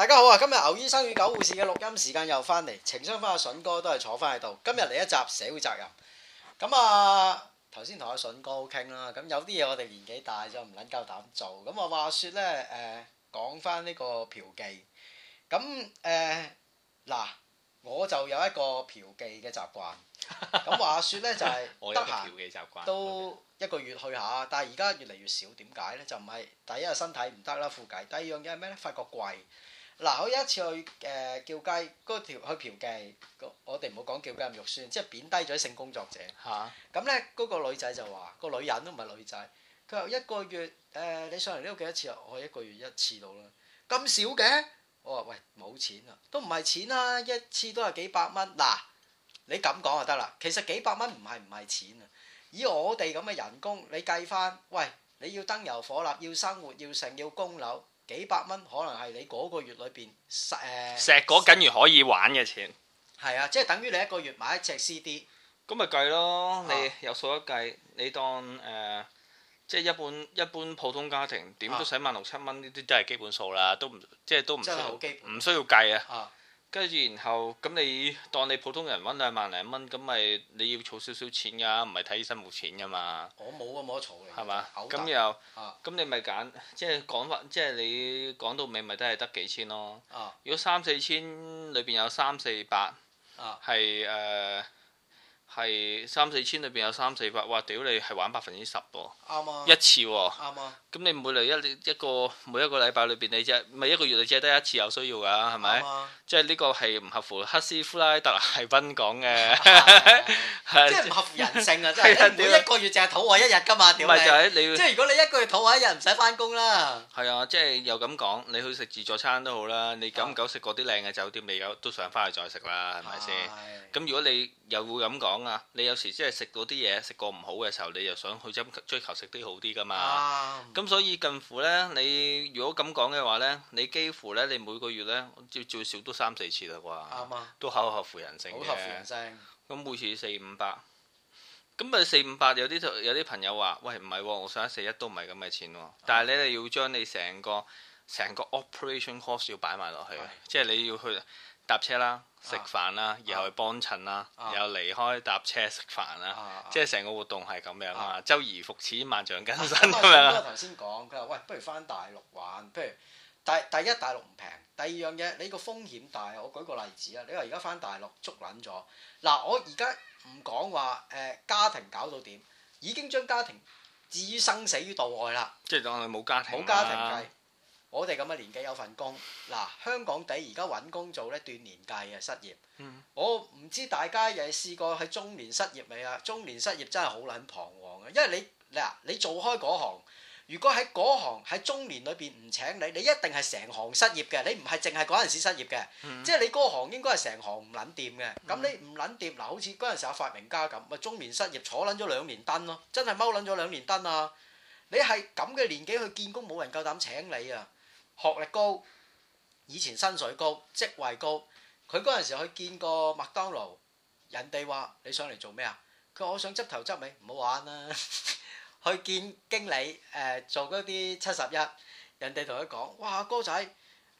大家好啊！今日牛醫生與狗護士嘅錄音時間又翻嚟，情商翻阿筍哥都係坐翻喺度。今日嚟一集社會責任。咁啊，頭先同阿筍哥好傾啦。咁有啲嘢我哋年紀大咗唔撚夠膽做。咁啊話説咧，誒講翻呢個嫖妓。咁誒嗱，我就有一個嫖妓嘅習慣。咁話説咧就係、是，得閒 都一個月去下，Okay. 但係而家越嚟越少。點解咧？就唔係第一個身體唔得啦，苦計；第二樣嘢係咩咧？發覺貴。嗱，我有一次去誒、呃、叫雞嗰、嗰個、條去嫖妓，我哋唔好講叫雞咁肉酸，即係貶低咗性工作者。嚇、啊！咁咧，嗰、嗰個女仔就話：嗰個女人都唔係女仔，佢話一個月誒、呃，你上嚟呢度幾多次啊？我一個月一次到啦，咁少嘅。我話：喂，冇錢啊，都唔係錢啊，一次都係幾百蚊。嗱，你咁講就得啦。其實幾百蚊唔係唔係錢啊，以我哋咁嘅人工，你計翻，喂，你要燈油火蠟，要生活，要成，要供樓。幾百蚊可能係你嗰個月裏邊石誒，呃、石果緊要可以玩嘅錢，係啊，即、就、係、是、等於你一個月買一隻 CD，咁咪計咯，啊、你有數一計，你當誒，即、呃、係、就是、一般一般普通家庭點都使萬六七蚊，呢啲都係基本數啦，都唔即係都唔，真係好基本，唔需要計啊。跟住然後咁，你當你普通人揾兩萬零蚊，咁咪你要儲少少錢㗎，唔係睇醫生冇錢㗎嘛。我冇啊，冇得儲嘅。係嘛吧？咁又咁你咪揀，即係講法，即係你講到尾咪都係得幾千咯。啊、如果三四千裏邊有三四百，係誒係三四千裏邊有三四百，哇！屌你係玩百分之十噃，啊、一次喎、啊。啊啊咁你每嚟一一個每一個禮拜裏邊，你只係咪一個月你只得一次有需要噶，係咪？即係呢個係唔合乎黑斯夫拉特係賓講嘅。即係唔合乎人性啊！即係每一個月淨係肚餓一日㗎嘛？點？即係如果你一個月肚餓一日，唔使翻工啦。係啊，即係又咁講，你去食自助餐都好啦。你久唔久食過啲靚嘅酒店未？有都想翻去再食啦，係咪先？咁如果你又會咁講啊？你有時即係食嗰啲嘢食過唔好嘅時候，你又想去追追求食啲好啲㗎嘛？咁所以近乎呢，你如果咁講嘅話呢，你幾乎呢，你每個月呢，要最少都三四次啦啩，啊、都考合乎人性好合乎人性，咁每次四五百，咁啊四五百有啲有啲朋友話，喂，唔係喎，我上一四一都唔係咁嘅錢喎，哦。但係你哋要將你成個成個 operation course 要擺埋落去，對即係你要去。搭車啦，食飯啦，然後去幫襯啦，然後離開搭車食飯啦，言即係成個活動係咁樣啊！言周而復始，萬象更新啦，係咪頭先講佢話喂，不如翻大陸玩。」譬如大第一大陸唔平，第二樣嘢你個風險大。我舉個例子啊，你話而家翻大陸捉撚咗嗱，我而家唔講話誒家庭搞到點，已經將家庭置於生死於度外啦，即係當佢冇家庭。冇家庭計。啊。我哋咁嘅年紀有份工，嗱香港地而家揾工做咧斷年計嘅失業，嗯、我唔知大家有試過喺中年失業未啊？中年失業真係好撚彷徨啊！因為你嗱你，你做開嗰行，如果喺嗰行喺中年裏邊唔請你，你一定係成行失業嘅，你唔係淨係嗰陣時失業嘅，嗯、即係你嗰行應該係成行唔撚掂嘅。咁你唔撚掂嗱，嗯、好似嗰陣時有發明家咁，咪中年失業坐撚咗兩年躉咯，啊，真係踎撚咗兩年躉啊！你係咁嘅年紀去見工，冇人夠膽請你啊！學歷高，以前薪水高，職位高。佢嗰陣時去見過麥當勞，人哋話：你想嚟做咩啊？佢話：我想執頭執尾，唔好玩啦。去見經理，誒做嗰啲七十一，人哋同佢講：哇，哥仔，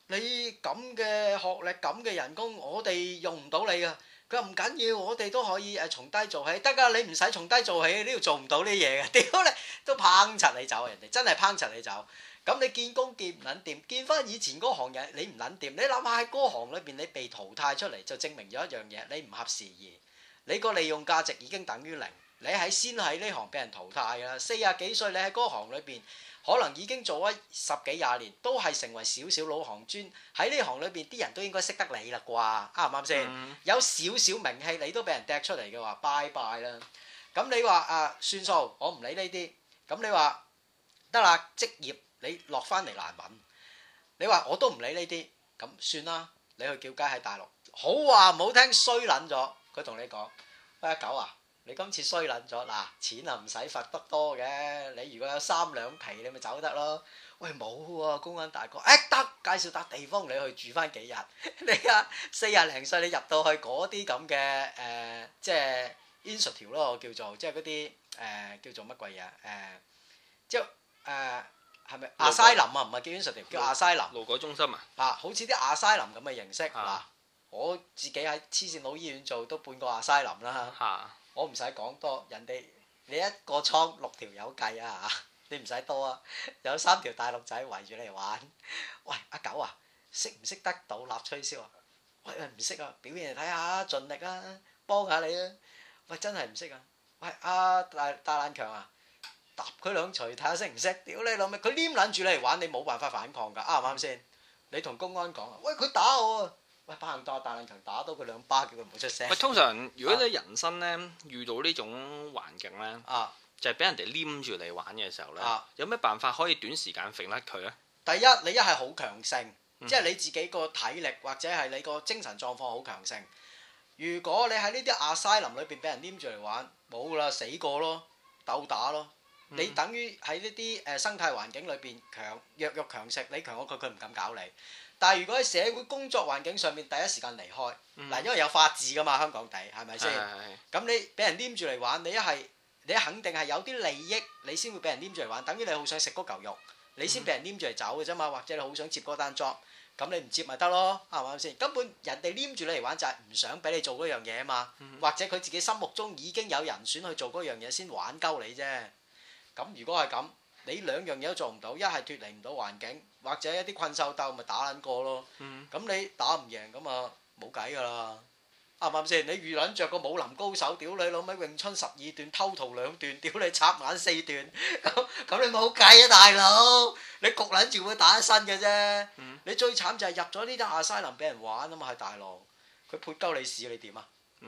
你咁嘅學歷，咁嘅人工，我哋用唔到你噶。佢話唔緊要，我哋都可以誒從低做起，得㗎。你唔使從低做起，你要做唔到呢嘢嘅，屌你都拚柒你走，人哋真係拚柒你走。咁你見工見唔撚掂，見翻以前嗰行嘢你唔撚掂，你諗下喺嗰行裏邊你被淘汰出嚟，就證明咗一樣嘢，你唔合時宜，你個利用價值已經等於零。你喺先喺呢行俾人淘汰啦，四啊幾歲你喺嗰行裏邊可能已經做咗十幾廿年，都係成為少少老行專，喺呢行裏邊啲人都應該識得你啦啩？啱唔啱先？嗯、有少少名氣你都俾人掟出嚟嘅話，拜拜啦。咁你話啊算數，我唔理呢啲。咁你話得啦，職業。你落翻嚟難揾，你話我都唔理呢啲，咁算啦。你去叫街喺大陸，好話唔好聽，衰撚咗。佢同你講：喂，狗啊，你今次衰撚咗，嗱，錢啊唔使罰得多嘅。你如果有三兩皮，你咪走得咯。喂，冇喎，公安大哥，誒得，介紹笪地方你去住翻幾日。你啊，四廿零歲，你入到去嗰啲咁嘅誒，即係 Insurance 咯，我叫做即係嗰啲誒，叫做乜鬼嘢誒？即係誒。係咪亞西林啊？唔係基本實條叫亞西林。勞改中心啊！啊，好似啲亞西林咁嘅形式嗱，我自己喺黐線佬醫院做都半個亞西林啦。嚇、啊！我唔使講多，人哋你一個倉六條友計啊嚇，你唔使多啊，有三條大陸仔圍住你玩。喂，阿狗啊，識唔識得倒立吹簫啊？喂喂，唔識啊！表現嚟睇下，盡力啊，幫下你啊。喂，真係唔識啊！喂，阿、啊、大大爛強啊！佢兩隨睇下識唔識？屌你老味，佢黏撚住你嚟玩，你冇辦法反抗㗎。啱唔啱先？嗯、你同公安講啊，喂，佢打我，喂，拍人多大兩球，打到佢兩巴，叫佢唔好出聲。喂，通常如果你人生咧、啊、遇到呢種環境咧，啊，就係俾人哋黏住你玩嘅時候咧，啊、有咩辦法可以短時間揈甩佢咧？第一，你一係好強盛，嗯、即係你自己個體力或者係你個精神狀況好強盛。如果你喺呢啲 asylum 裏邊俾人黏住嚟玩，冇啦，死過咯，鬥打咯。你等於喺呢啲誒生態環境裏邊強弱肉強食，你強過佢，佢唔敢搞你。但係如果喺社會工作環境上面，第一時間離開，嗱、嗯，因為有法治噶嘛，香港地係咪先？咁的你俾人黏住嚟玩，你一係你肯定係有啲利益，你先會俾人黏住嚟玩。等於你好想食嗰嚿肉，你先俾人黏住嚟走嘅啫嘛。或者你好想接嗰單 job，咁你唔接咪得咯？係咪先？根本人哋黏住你嚟玩，就係、是、唔想俾你做嗰樣嘢啊嘛。嗯、或者佢自己心目中已經有人選去做嗰樣嘢，先玩鳩你啫。咁如果係咁，你兩樣嘢都做唔到，一係脫離唔到環境，或者一啲困獸鬥咪打撚過咯。咁你打唔贏咁啊，冇計噶啦，啱唔啱先？你遇撚着個武林高手，屌你老味，詠春十二段，偷桃兩段，屌你插眼四段，咁咁你冇計啊，大佬！你焗撚住會打一身嘅啫。你最慘就係入咗呢啲 asylum 俾人玩啊嘛，係大佬，佢潑鳩你屎你點啊？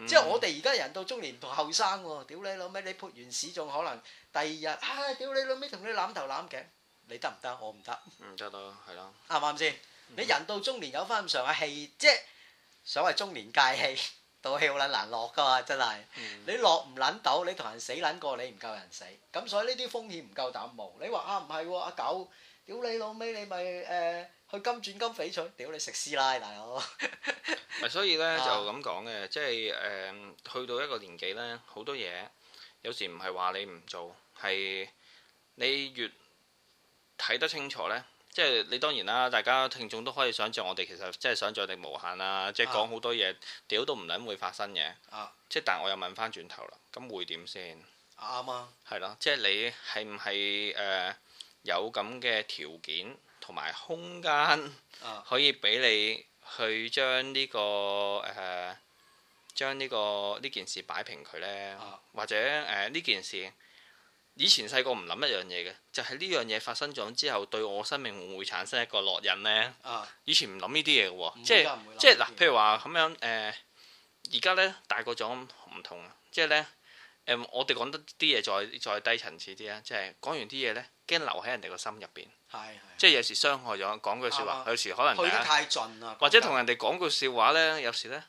即係我哋而家人到中年同後生喎，屌你老味，你潑完屎仲可能？第二日，唉，屌你老味，同你攬頭攬頸，你得唔得？我唔得。唔得咯，係咯。啱唔啱先？你人到中年有翻咁上下氣，即係所謂中年戒氣，到氣好撚難落噶嘛，真係。你落唔撚到，你同人死撚過，你唔夠人死。咁所以呢啲風險唔夠膽冒。你話啊，唔係喎，阿狗，屌你老味，你咪誒去金鑽金翡翠，屌你食師奶大佬。咪所以咧就咁講嘅，即係誒去到一個年紀咧，好多嘢有時唔係話你唔做。係你越睇得清楚呢，即係你當然啦。大家聽眾都可以想像，我哋其實即係想像力無限啦啊，即係講好多嘢，屌都唔撚會發生嘅。即係、啊，但我又問翻轉頭、啊啊、啦，咁會點先？啱、呃這個呃這個、啊！係咯，即係你係唔係誒有咁嘅條件同埋空間，可以俾你去將呢個誒將呢個呢件事擺平佢呢？或者誒呢、呃、件事？以前細個唔諗一樣嘢嘅，就係呢樣嘢發生咗之後，對我生命會唔會產生一個烙印呢？啊、以前唔諗呢啲嘢嘅喎，即係即係嗱，譬如話咁樣誒，而家呢，大個咗唔同啊，即係呢，呃、我哋講得啲嘢再再低層次啲啊，即係講完啲嘢呢，驚留喺人哋個心入邊。即係有時傷害咗講句説話，的有時可能去得太盡啦，或者同人哋講句笑話呢，有時呢，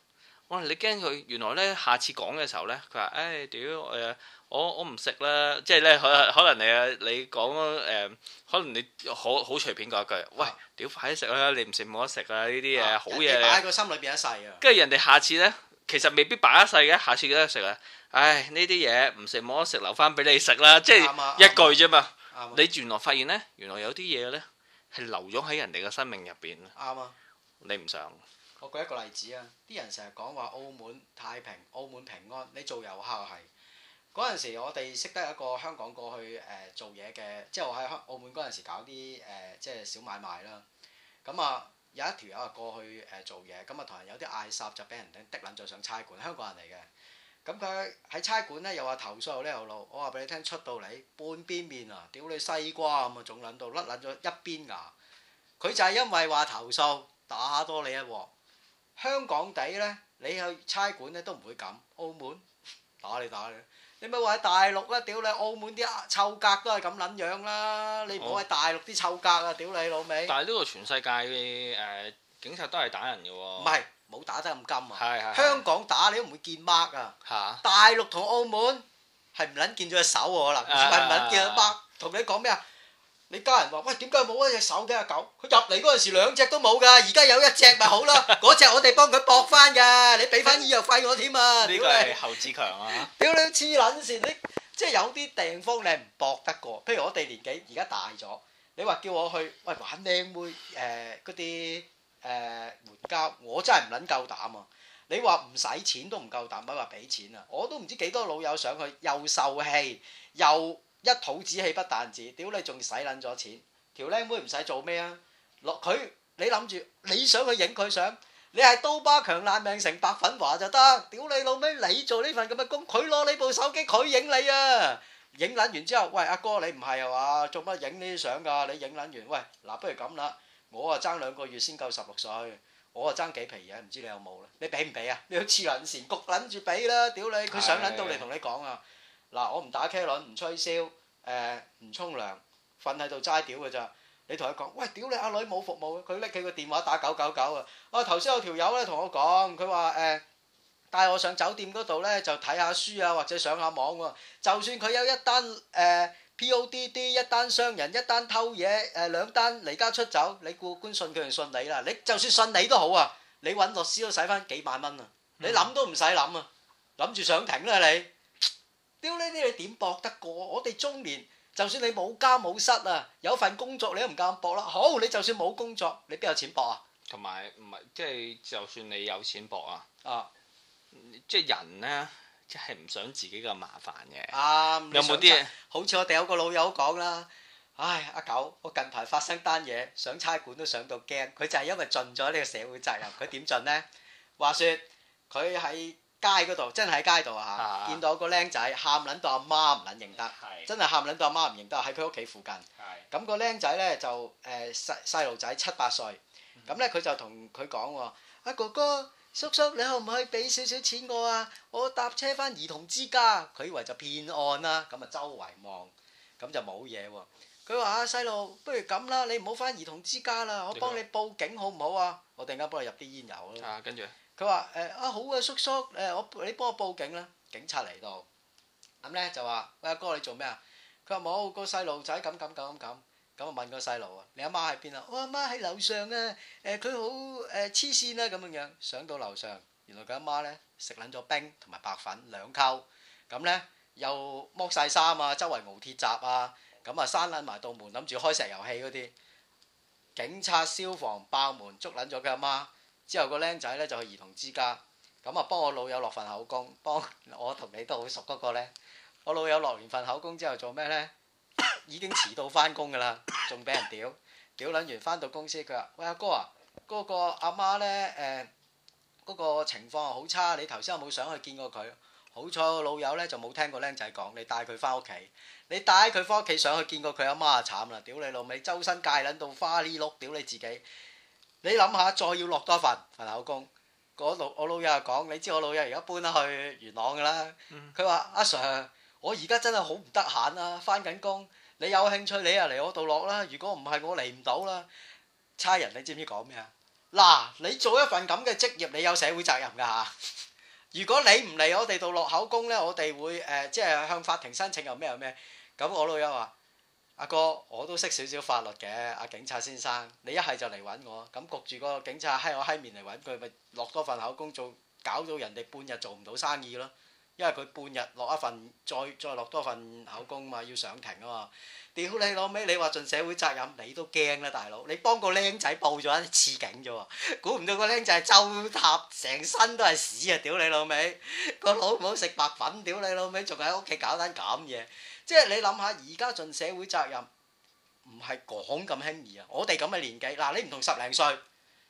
我你驚佢原來呢，下次講嘅時候呢，佢話誒屌誒。.我我唔食啦，即係咧，可可能你你講誒，可能你好好隨便講一句，喂，屌快啲食啦！你唔食冇得食啦，呢啲嘢好嘢嘅。即係擺喺個心裏邊一世啊。跟住人哋下次咧，其實未必擺一世嘅，下次都得食啊！唉，呢啲嘢唔食冇得食，留翻俾你食啦。即係一句啫嘛。啱啊！你原來發現咧，原來有啲嘢咧係留咗喺人哋嘅生命入邊。啱啊！你唔想我舉一個例子啊！啲人成日講話澳門太平，澳門平安。你做遊客係。嗰陣時，我哋識得一個香港過去誒做嘢嘅，即係我喺香澳門嗰陣時搞啲誒即係小買賣啦。咁啊，有一條友啊過去誒做嘢，咁啊同人有啲嗌霎就俾人哋滴撚咗上差館，香港人嚟嘅。咁佢喺差館咧又話投訴呢又老，我話俾你聽出到嚟半邊面啊！屌你西瓜咁啊，仲撚到甩撚咗一邊牙。佢就係因為話投訴打多你一鑊！香港地咧，你去差館咧都唔會咁，澳門打你打你。你咪話喺大陸啦，屌你！澳門啲臭格都係咁撚樣啦，你唔好喺大陸啲臭格啊，屌你老味！但係呢個全世界嘅誒警察都係打人嘅喎。唔係，冇打得咁金啊！香港打你都唔會見 mark 啊！嚇！大陸同澳門係唔撚見咗隻手喎，嗱，唔係唔撚見 mark，同你講咩啊？你家人話：喂，點解冇一隻手嘅阿狗？佢入嚟嗰陣時兩隻都冇㗎，而家有一隻咪好啦。嗰隻我哋幫佢駁返㗎，你俾翻醫藥費我添啊？呢個係侯志強啊！屌你黐撚線，你即係有啲地方你係唔搏得過。譬如我哋年紀而家大咗，你話叫我去喂玩靚妹誒嗰啲誒援交，我真係唔撚夠膽啊！你話唔使錢都唔夠膽，咪話俾錢啊！我都唔知幾多老友上去又受氣又～一肚子氣不但止，屌你仲使撚咗錢？條靚妹唔使做咩啊？落佢你諗住你想去影佢相，你係刀疤強爛命成白粉華就得。屌你老味，你做呢份咁嘅工，佢攞你部手機佢影你啊！影撚完之後，喂阿哥你唔係啊嘛？做乜影呢啲相㗎？你影撚完，喂嗱，不如咁啦，我啊爭兩個月先夠十六歲，我啊爭幾皮嘢，唔知你有冇咧？你俾唔俾啊？你黐撚線焗撚住俾啦，屌你，佢想撚到嚟同你講啊！嗱，我唔打茄輪，唔吹簫，誒，唔沖涼，瞓喺度齋屌嘅啫。你同佢講，喂，屌你阿女冇服務，佢拎佢個電話打九九九啊！我頭先有條友咧同我講，佢話誒帶我上酒店嗰度咧就睇下書啊，或者上下網喎。就算佢有一單誒 PODD 一單傷人，一單偷嘢，誒兩單離家出走，你顧官信佢就信你啦。你就算信你都好啊，你揾律師都使翻幾萬蚊啊，你諗都唔使諗啊，諗住上庭啦你。屌呢啲你點搏得過？我哋中年，就算你冇家冇室啊，有份工作你都唔夠咁搏啦。好，你就算冇工作，你邊有錢搏啊？同埋唔係，即係就算你有錢搏啊，啊，即係人呢，即係唔想自己咁麻煩嘅。啱，有冇啲？好似我哋有個老友講啦，唉，阿九，我近排發生單嘢，上差館都上到驚。佢就係因為盡咗呢個社會責任，佢點盡呢？話說佢喺街嗰度真係喺街度啊嚇，見到個僆仔喊撚到阿媽唔撚認得，是真係喊撚到阿媽唔認得，喺佢屋企附近。咁是個僆仔咧就誒細細路仔七八歲，咁咧佢就同佢講喎：阿、啊、哥哥、叔叔，你可唔可以俾少少錢我啊？我搭車翻兒童之家。佢以為就騙案啦，咁啊周圍望，咁就冇嘢喎。佢話：啊細路，不如咁啦，你唔好翻兒童之家啦，我幫你報警好唔好啊？我突然間幫你入啲煙油咯。跟住、啊。啊啊啊佢話：誒啊好啊，叔叔，誒、欸、我你幫我報警啦，警察嚟到，咁咧就話：喂，阿哥你做咩啊？佢話冇個細路仔咁咁咁咁咁，咁啊問個細路啊，你阿媽喺邊啊？我阿媽喺樓上啊，誒佢好誒黐線啦咁樣樣，上到樓上，原來佢阿媽咧食撚咗冰同埋白粉兩溝，咁咧又剝晒衫啊，周圍敖鐵閘啊，咁啊閂撚埋道門，諗住開石油氣嗰啲，警察消防爆門捉撚咗佢阿媽。之後個僆仔咧就去兒童之家，咁啊幫我老友落份口供，幫我同你都好熟嗰個咧，我老友落完份口供之後做咩咧？已經遲到翻工㗎啦，仲俾人屌，屌撚完翻到公司，佢話：喂阿哥啊，嗰個阿媽咧誒，呃，嗰個情況好差，你頭先有冇上去見過佢？好彩我老友咧就冇聽個僆仔講，你帶佢翻屋企，你帶佢翻屋企上去見過佢阿媽啊慘啦，屌你老味，周身戒撚到花呢碌，屌你自己！你諗下，再要落多份口供，度我老友又講，你知我老友而家搬咗去元朗噶啦。佢話、嗯：阿、啊、Sir，我而家真係好唔得閒啦，翻緊工。你有興趣，你又嚟我度落啦。如果唔係，我嚟唔到啦。差人，你知唔知講咩啊？嗱，你做一份咁嘅職業，你有社會責任噶嚇、啊。 如果你唔嚟我哋度落口供呢，我哋會誒、呃、即係向法庭申請又咩又咩。咁我老友話。阿哥，我都識少少法律嘅，阿、啊、警察先生，你一係就嚟揾我，咁焗住個警察喺我喺面嚟揾佢，咪落多，多份口供做，搞到人哋半日做唔到生意咯。因為佢半日落一份，再再落多份口供啊嘛，要上庭啊嘛。屌你老味，你話盡社會責任，你都驚啦，大佬。你幫個僆仔報咗一次警啫喎，估唔到個僆仔係周塔，成身都係屎啊！屌你老味！個老母食白粉，屌你老味，仲喺屋企搞單咁嘢。即係你諗下，而家盡社會責任唔係講咁輕易啊！我哋咁嘅年紀，嗱你唔同十零歲，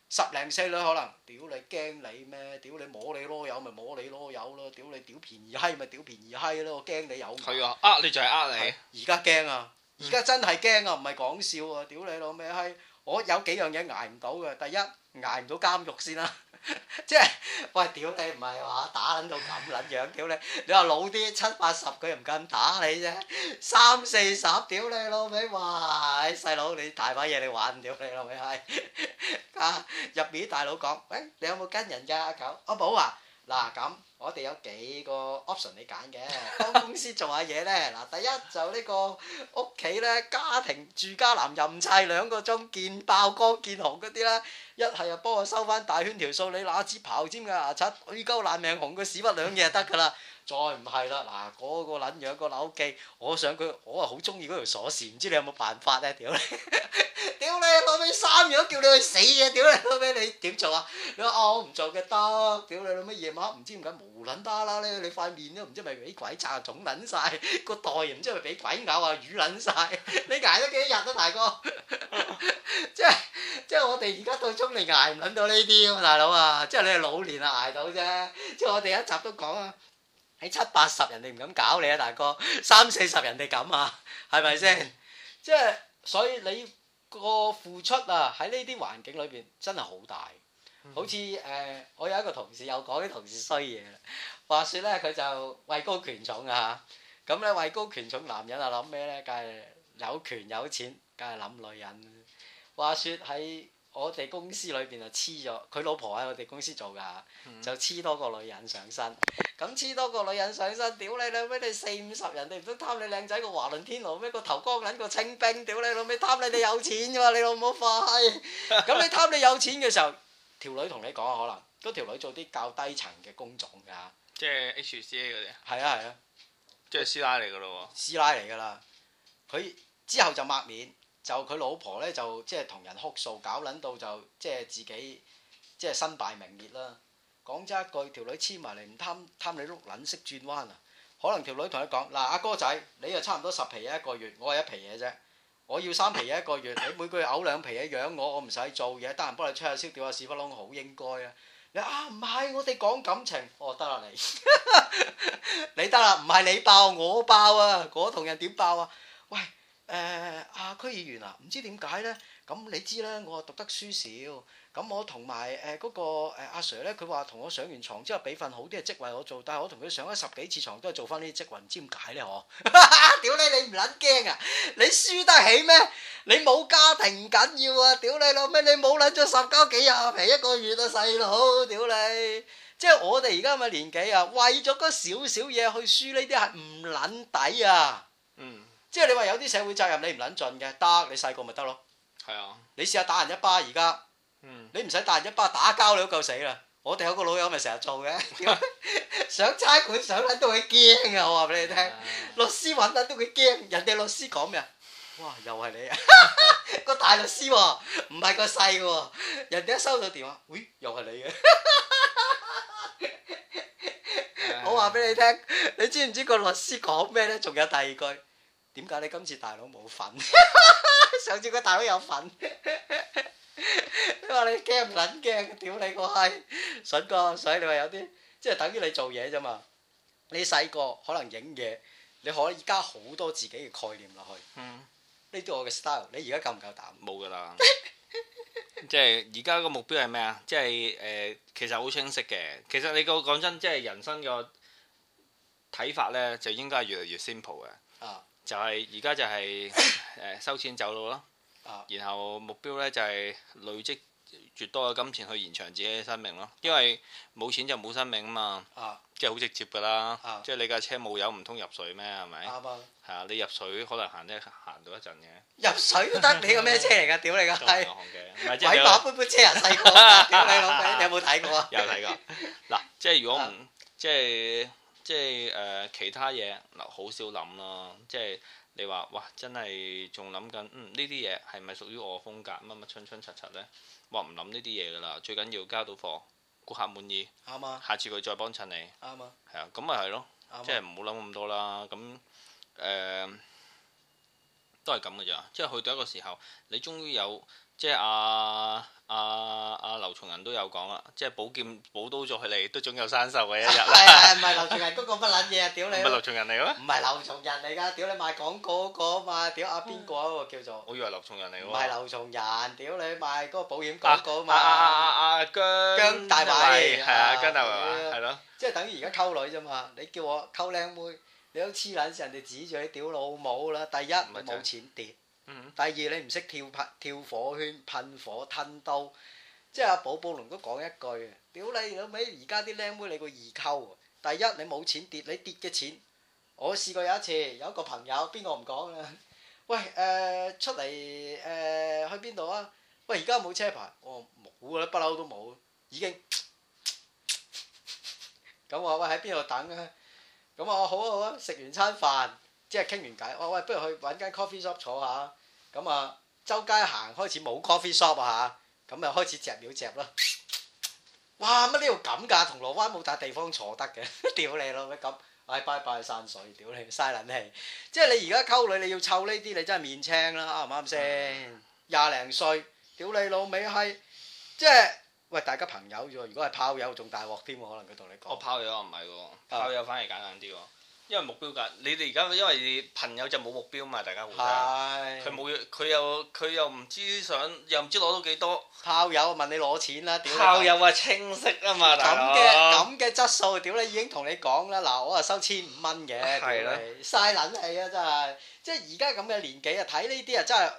十零細女可能屌你驚你咩？屌你摸你攞油咪摸你攞油咯，屌你屌便宜閪咪屌便宜閪咯，我驚你有。係啊，呃你就係呃你。而家驚啊！而家真係驚啊，唔係講笑啊！屌你老咩閪。我、哦、有幾樣嘢挨唔到嘅，第一挨唔到監獄先啦，即係喂，屌你唔係話打撚到咁撚樣，屌你！你話老啲七八十佢唔敢打你啫，三四十屌你老味，哇！細佬你大把嘢你玩屌，屌你老味係啊！入面大佬講，喂，你有冇跟人㗎？阿狗阿寶啊。」哦哦嗱咁，我哋有幾個 option 你揀嘅，幫 公司做下嘢咧。嗱，第一就個呢個屋企咧，家庭住家男任砌兩個鐘，見爆光見紅嗰啲啦。一係又幫我收翻大圈條數，你攞支刨尖嘅牙刷，淤溝爛命紅佢屎忽兩嘢就得噶啦。 再唔係啦，嗱，嗰個撚樣個扭計，我想佢，我啊好中意嗰條鎖匙，唔知你有冇辦法咧？屌你，屌你，老咩三樣叫你去死嘅，屌你老咩你點做啊？你話啊我唔做嘅得，屌你老乜夜晚黑唔知點解無撚啦啦咧，你塊面都唔知咪俾鬼擦腫撚晒！個袋又唔知咪俾鬼咬啊淤撚晒！你捱咗幾多日啊大哥？即係即係我哋而家到中年捱唔撚到呢啲，大佬啊！即係你係老年啊捱到啫，即係我哋一集都講啊。你七八十人哋唔敢搞你啊，大哥！三四十人哋咁啊，係咪先？嗯、即係所以你個付出啊，喺呢啲環境裏邊真係好大。好似誒、呃，我有一個同事又講啲同事衰嘢啦。話説，咧，佢就位高權重啊嚇。咁、嗯、咧，位高權重男人啊諗咩咧？梗係有權有錢，梗係諗女人。話説喺～我哋公司裏邊就黐咗，佢老婆喺我哋公司做噶，就黐多個女人上身。咁、嗯、黐多個女人上身，屌你老味！你四五十人你唔都貪你靚仔個華倫天奴咩？個頭光撚個清兵，屌你老味！貪，貪你哋有錢㗎嘛？你老母快！咁 你貪你有錢嘅時候，條女同你講啊，可能都條女做啲較低層嘅工種㗎。即係 H C A 嗰啲。係啊係啊，即係師奶嚟㗎咯喎。師奶嚟㗎啦，佢之後就抹面。就佢老婆咧就即係同人哭訴，搞撚到就即係自己即係、就是、身敗名裂啦。講真一句，條女黐埋嚟唔貪貪你碌撚識轉彎啊！可能條女同佢講：嗱、啊，阿哥仔，你又差唔多十皮嘢一個月，我係一皮嘢啫。我要三皮嘢一個月，你每個月嘔兩皮嘢養我，我唔使做嘢，得閒幫你吹下簾、屌下屎忽窿，好應該啊！你啊唔係我哋講感情，我得啦你， 你得啦，唔係你爆我爆啊！嗰、啊、同人點爆啊？喂！誒阿、呃啊、區議員啊，唔知點解咧？咁、嗯、你知啦，我讀得書少，咁、嗯、我同埋誒嗰個阿、呃啊、Sir 咧，佢話同我上完床之後俾份好啲嘅職位我做，但係我同佢上咗十幾次床都係做翻呢啲職位，唔知點解咧？嗬！屌你，你唔撚驚啊？你輸得起咩？你冇家庭緊要啊！屌你老咩？你冇撚咗十交幾廿皮一個月啊，細佬！屌你！即係我哋而家咪年紀啊，為咗嗰少少嘢去輸呢啲係唔撚抵啊！嗯。即係你話有啲社會責任你唔捻盡嘅，得你細個咪得咯。係啊，你試下打人一巴而家，你唔使打人一巴打交你都夠死啦。我哋有個老友咪成日做嘅，上差館上捻都會驚啊！我話俾你聽，律師揾捻都會驚，人哋律師講咩？哇！又係你啊，個大律師喎，唔係個細嘅喎，人哋一收到電話，喂？又係你嘅，我話俾你聽，你知唔知個律師講咩呢？仲有第二句。點解你今次大佬冇份？ 上次個大佬有份， 你話你驚唔撚驚？屌你個閪，笋哥，所以你話有啲即係等於你做嘢啫嘛。你細個可能影嘢，你可以加好多自己嘅概念落去。呢啲、嗯、我嘅 style，你而家夠唔夠膽？冇噶啦，即係而家個目標係咩啊？即係誒，其實好清晰嘅。其實你個講真，即係人生個睇法呢，就應該係越嚟越 simple 嘅。就係而家就係誒收錢走路咯， 然後目標咧就係累積越多嘅金錢去延長自己嘅生命咯，因為冇錢就冇生命啊嘛， 即係好直接噶啦， 即係你架車冇油唔通入水咩？係咪？啱啊！係啊，你入水可能 行得行到一陣嘅。入水都得你個咩車嚟噶？屌你個閪！做嘅鬼馬飛車人細個，點解咁嘅？你有冇睇過啊？有睇過。嗱 看過， 即係如果唔即係。即係誒、呃、其他嘢嗱，好、呃、少諗啦。即係你話哇，真係仲諗緊嗯呢啲嘢係咪屬於我風格乜乜春春擦擦呢？我唔諗呢啲嘢噶啦，最緊要交到貨，顧客滿意。啱啊！下次佢再幫襯你。啱啊！係啊，咁咪係咯，吧即係唔好諗咁多啦。咁誒、呃、都係咁嘅咋，即係去到一個時候，你終於有。即係阿阿阿劉松仁都有講啦，即係寶劍寶刀咗佢哋，都總有生銹嘅一日。係係唔係劉松仁嗰個乜卵嘢？屌你！唔係劉松仁嚟嘅咩？唔係劉松仁嚟噶，屌你賣廣告嗰個嘛？屌阿邊個啊？叫做？我以為劉松仁嚟喎。唔係劉松仁，屌你賣嗰個保險廣告嘛？啊，阿阿阿姜姜大衛係啊，姜大衛係咯。即係等於而家溝女啫嘛？你叫我溝靚妹，你都黐卵，人哋指住你屌老母啦！第一唔係冇錢跌。第二你唔識跳，噴跳火圈、噴火、吞刀，即係阿寶寶龍都講一句啊！屌你老味，而家啲靚妹你個二溝。第一你冇錢跌，你跌嘅錢，我試過有一次，有一個朋友邊個唔講啊？喂誒、呃、出嚟誒、呃、去邊度啊？喂，而家冇車牌，我冇啦，不嬲都冇，已經咁話 喂喺邊度等啊？咁我好啊好啊，食、啊、完餐飯。即係傾完偈，哇、哦、喂，不如去揾間 coffee shop 坐下。咁、嗯、啊，周街行開始冇 coffee shop 啊嚇，咁又開始擳料擩啦。哇乜呢度咁噶？銅鑼灣冇笪地方坐得嘅，屌你老咩咁。唉拜拜山水，屌你嘥冷氣。即係你而家溝女，你要湊呢啲，你真係面青啦，啱唔啱先？廿零歲，屌你老味閪。即係喂，大家朋友啫喎，如果係炮友，仲大鑊添喎。可能佢同你講。我炮友啊，唔係喎，炮友反而簡單啲喎。因為目標㗎，你哋而家因為朋友就冇目標嘛，大家會佢冇佢又佢又唔知想又唔知攞到幾多，校友問你攞錢啦，校友啊清晰啊嘛，咁嘅咁嘅質素，屌你已經同你講啦，嗱我啊收千五蚊嘅，嘥撚氣啊真係，即係而家咁嘅年紀啊睇呢啲啊真係。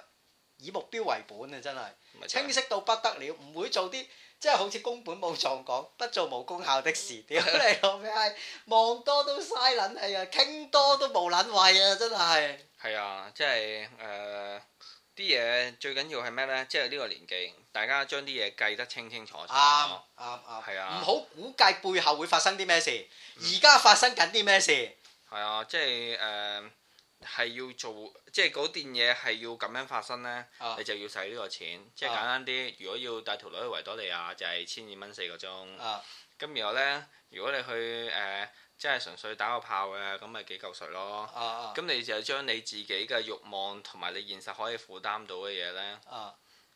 以目標為本啊，真係清晰到不得了，唔會做啲即係好似宮本武藏講，不做無功效的事。點嚟講？咩望多都嘥撚氣啊，傾多都冇撚位啊，真、呃、係。係啊，即係誒啲嘢最緊要係咩呢？即係呢個年紀，大家將啲嘢計得清清楚楚，啱啱係啊，唔好、啊啊、估計背後會發生啲咩事，而家、嗯、發生緊啲咩事？係啊，即係誒。呃係要做，即係嗰段嘢係要咁樣發生呢，你就要使呢個錢。即係簡單啲，如果要帶條女去維多利亞，就係千二蚊四個鐘。咁然後呢，如果你去誒，即係純粹打個炮嘅，咁咪幾嚿水咯。咁你就將你自己嘅慾望同埋你現實可以負擔到嘅嘢呢，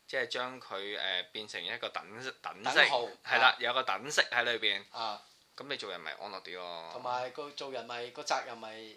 即係將佢誒變成一個等等式，係啦，有個等式喺裏邊。咁你做人咪安樂啲咯。同埋個做人咪個責任咪。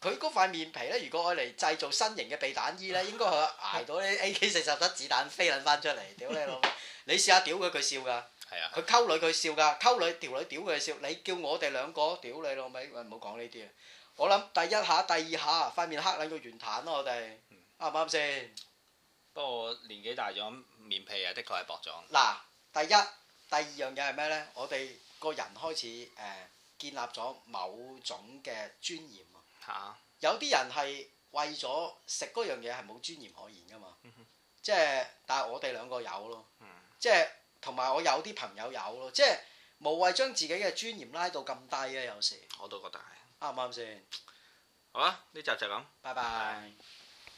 佢嗰塊面皮咧，如果我嚟製造新型嘅避彈衣咧，應該係捱到呢 A.K. 四十粒子彈飛撚翻出嚟。屌你老，你試下屌佢，佢笑㗎。係啊，佢溝女佢笑㗎，溝女條女屌佢笑。你叫我哋兩個屌你老味，唔好講呢啲啊！我諗第一下、第二下，塊面黑撚到圓彈咯，我哋啱唔啱先？嗯、行不過我年紀大咗，面皮啊，的確係薄咗。嗱，第一、第二樣嘢係咩咧？我哋個人開始誒、呃、建立咗某種嘅尊嚴。嚇！啊、有啲人係為咗食嗰樣嘢係冇尊嚴可言㗎嘛，即係、嗯、哼但係我哋兩個有咯，嗯、即係同埋我有啲朋友有咯，即係無謂將自己嘅尊嚴拉到咁低啊！有時我都覺得係啱唔啱先？對，對，好啊！呢集就咁，拜拜。拜拜拜拜。